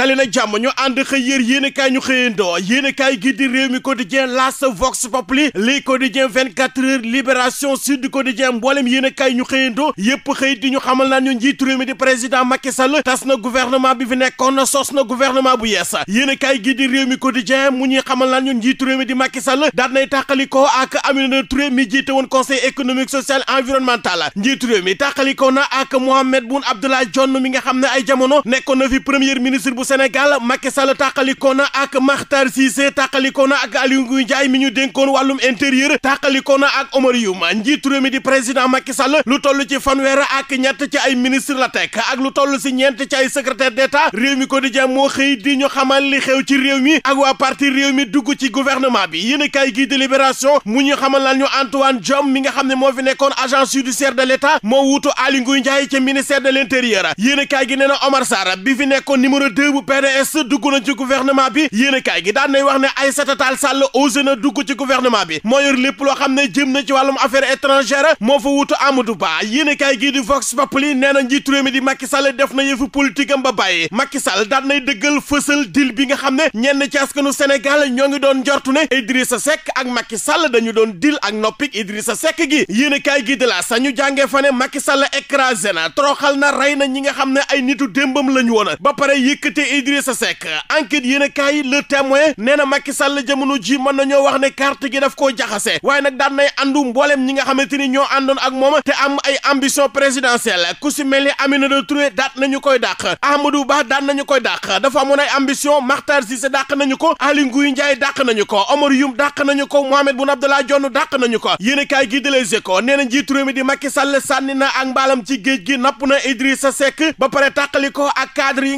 dali na jàmm ñu ànd xëy yéer yéen kaay ñu xëyandoo yéen tas na gouvernement bi fi nekkoon na sos na gouvernement bu yees yéen kaay gi réew mi quotidien mu ñuy xamal naan ñu njiitu mi di Macky Sall daan nay tàqalikoo ak Aminata Touré mi jiite woon conseil économique social environnemental njiitu réew mi tàqalikoo na ak Mohamed Boun Abdallah Dionne mi nga xam ne ay jamono nekkoon na fi premier ministre bu Sénégal Macky Sall tàqalikoo na ak Makhtar Cissé tàqalikoo na ak Aliou Ngouille Ndiaye mi ñu dénkoon wàllum intérieur tàqalikoo na ak Oumar Youm njiitu réew mi di président Macky Sall lu toll ci fanweer ak ñett ci ay ministre la teg ak lu toll si ñeent ci ay secrétaire d'État réew mi quotidien moo xëy di ñu xamal li xew ci réew mi ak waa parti réew mi dugg ci gouvernement bi yéen a kaay gii di Libération mu ñu xamal lan ñu Antoine Diome mi nga xam ne moo fi nekkoon agence judiciaire de l'État moo wuutu Aliou Ngouille Ndiaye ci ministère a kaay gi nee bi fi nekkoon numéro bu PDS dugg na ci gouvernement bi yéenekaay gi daan wax ne Aïssata Tall Sall osé na dugg ci gouvernement bi moo yor lépp loo xam ne jëm na ci wàllum affaires étrangères moo fa wutu Amadou Ba yéenekaay gii di Vox Populi nee na njiitu réew mi di Macky Sall def na yëfu politique am ba bàyyi Macky Sall daan nay dëggal fësal bi nga xam ne ñenn ci askanu Sénégal ñoo ngi doon njortu ne Idrissa Seck ak Macky Sall dañu doon deal ak noppik Idrissa Seck gi yéenekaay gi de la sa ñu jàngee fa ne Macky Sall écrasé na toroxal na rey na ñi nga xam ne ay nitu démbam lañu woon ba diggante Idrissa Seck enquête yéen a kaay le témoin nee na Macky Sall jamono ji mën nañoo wax ne carte gi daf koo jaxase waaye nag daan nay àndu mboolem ñi nga xamante ni ñoo àndoon ak moom te am ay ambition présidentielle ku si mel ni Aminata Touré daat koy dàq Amadou Ba daan nañu koy dàq dafa amoon ay ambition Makhtar Cissé dàq nañu ko Aly ko Omar Youm dàq nañu ko Mohamed ko yéen a kaay na njiitu réew mi di Macky Sall sànni na ak mbaalam ci géej gi napp na Idrissa Seck ba pare tàqali ko ak cadre yi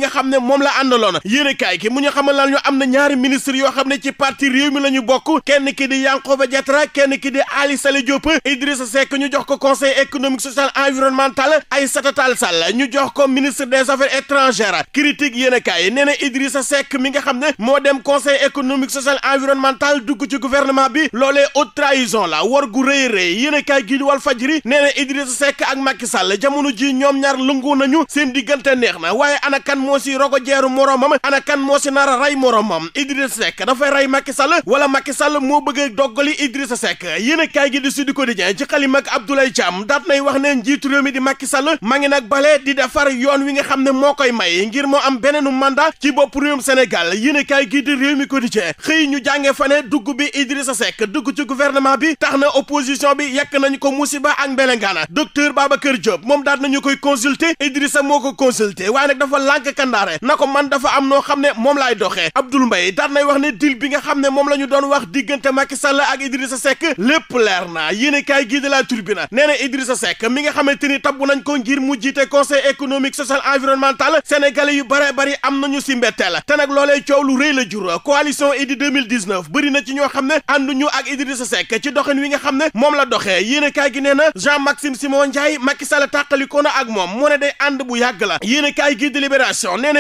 la àndaloon yéene kaay gi mu ñu xamal laan ñu am na ñaari ministre yoo xam ne ci parti réew mi la ñu bokk kenn ki di Yankhoba Diattara kenn ki di Ali Sale Diop Idrissa Seck ñu jox ko conseil économique social environnemental Aïssata Tall Sall ñu jox ko ministre des affaires étrangères critique yéene kaay nee na Idrissa Seck mi nga xam ne moo dem conseil économique social environnemental dugg ci gouvernement bi loole haute trahison la war gu rëy rëy yéene kaay gi di Walf nee na Idrissa ak Macky Sall jamono ji ñoom ñaar lungu nañu seen diggante neex na waaye ana kan moo si rogo jeer canceru moroomam ana kan moo si nar a rey moroomam Idrissa Seck dafay rey Macky Sall wala Macky Sall moo bëggee a doggali Idrissa Seck yéen a kaay gi di Sud Quotidien ci xalima ak Abdoulaye Thiam daat nay wax ne njiitu réew mi di Macky Sall ma ngi nag bale di defar yoon wi nga xam ne moo koy may ngir moo am beneenu mandat ci bopp réewum Sénégal yéen a kaay gi di réew mi xëy ñu jànge fa ne dugg bi Idrissa Seck dugg ci gouvernement bi tax na opposition bi yàq nañu ko musiba ak mbelengaana docteur Babacar Diop moom daat nañu koy consulter Idrissa moo ko consulter waaye nag dafa lànk kandaare man dafa am noo xam ne moom laay doxee Abdoul Mbaye daan nay wax ne bi nga xam ne moom la ñu doon wax diggante Macky Sall ak Idrissa Seck lépp leer na yéene kaay gii de la Tribune nee na Idrissa mi nga xamante ni tabbu nañ ko ngir mu jiite conseil économique social environnemental sénégalais yu bare bari am nañu si mbetteel te nag loolee coow lu rëy la jur coalition Idy 2019 bëri na ci ñoo xam ne ànduñu ak Idrissa Seck ci doxin wi nga xam ne moom la doxee yéene kaay gi nee na Jean Simon Ndiaye Macky Sall tàqalikoo na ak moom mu ànd bu yàgg la yéene kaay gii de Libération nee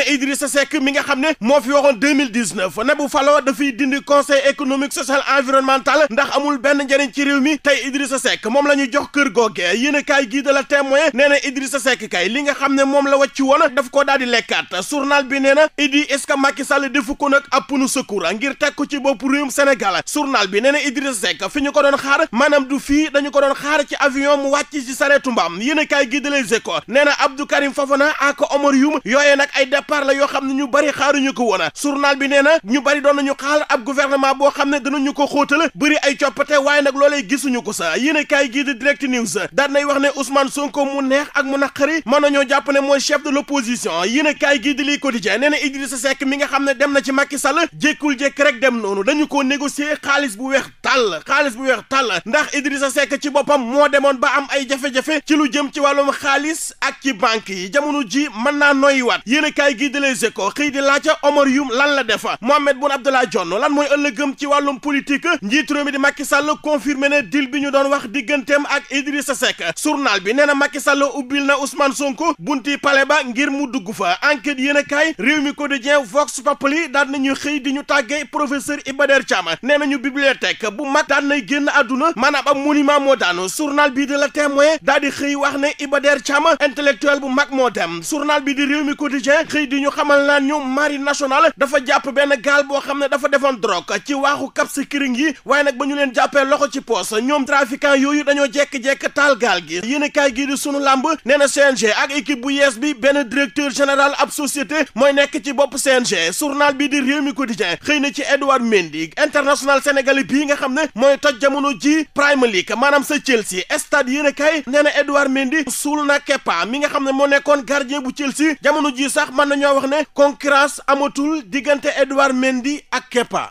Idrissa mi nga xam ne moo fi waxoon 2019 ne bu faloo dafay dindi conseil économique social environnemental ndax amul benn njëriñ ci réew mi tey Idrissa Seck moom la jox kër googe yéen a kaay gii nee na Idrissa Seck kay li nga xam ne moom la wàcc woon daf koo daal di lekkaat journal bi nee na Idi est-ce que Macky bi nee fi ñu ko doon xaar maanaam du fii dañu ko doon xaar ci avion mu wàcc ci sareetu mbaam yéen a kaay gii nee na Abdou Karim Fofana xam ne ñu bari xaaruñu ko woon journal bi nee na ñu bari doon nañu xaar ab gouvernement boo xam ne danañu ko xóotal bëri ay coppate waaye nag loolee gisuñu ko sa yéen a kaay gii di direct news daan nay wax ne Ousmane Sonko mu neex ak mu naqari mën nañoo jàpp ne mooy chef de l'opposition yéen a kaay gii di lii quotidien nee na Idrissa Seck mi nga xam ne dem na ci Macky Sall jékkul jékk rek dem noonu dañu ko négocier xaalis bu weex tàll xaalis bu weex tàll ndax Idrissa Seck ci boppam moo demoon ba am ay jafe ci lu jëm ci wàllum xaalis ak ci banque yi jamono ji mën naa noyyiwaat yéen gii di les Les Échos xëy di laajte Omar lan la def Mohamed Boun Abdallah Dionne lan mooy ëllëgëm ci wàllum politique njiitu réew mi di Macky Sall confirmé na deal bi ñu doon wax digganteem ak Idrissa Seck journal bi nee na Macky Sall ubbil na Ousmane Sonko bunti palais ba ngir mu dugg fa enquête yéen a kaay réew mi quotidien Vox Populi daan nañu xëy di ñu tàggee professeur Iba Der Thiam nee nañu bibliothèque bu mag daan nay génn àdduna maanaam ab monument moo daanu journal bi di la témoin daal di xëy wax ne Iba Der Thiam intellectuel bu mag moo dem journal bi di ñu xamal xamal naa ñu marine nationale dafa jàpp benn gaal boo xam ne dafa defoon drogue ci waaxu Cap Skirring yi waaye nag ba ñu leen jàppee loxo ci poos ñoom trafiquant yooyu dañoo jekk-jekk taal gaal gi yéen kaay gii di sunu làmb nee na CNG ak équipe bu yees bi benn directeur général ab société mooy nekk ci bopp CNG journal bi di Rewmi Quotidien xëy na ci Edouard Mendy international sénégalais bii nga xam ne mooy toj jamono ji Premier League maanaam sa Chelsea stade yéen kaay nee na Edouard Mendy suul na Kepa mi nga xam ne moo nekkoon gardien bu Chelsea jamono ji sax mën nañoo wax ne concurrence amatul diggante Edouard Mendy ak keppa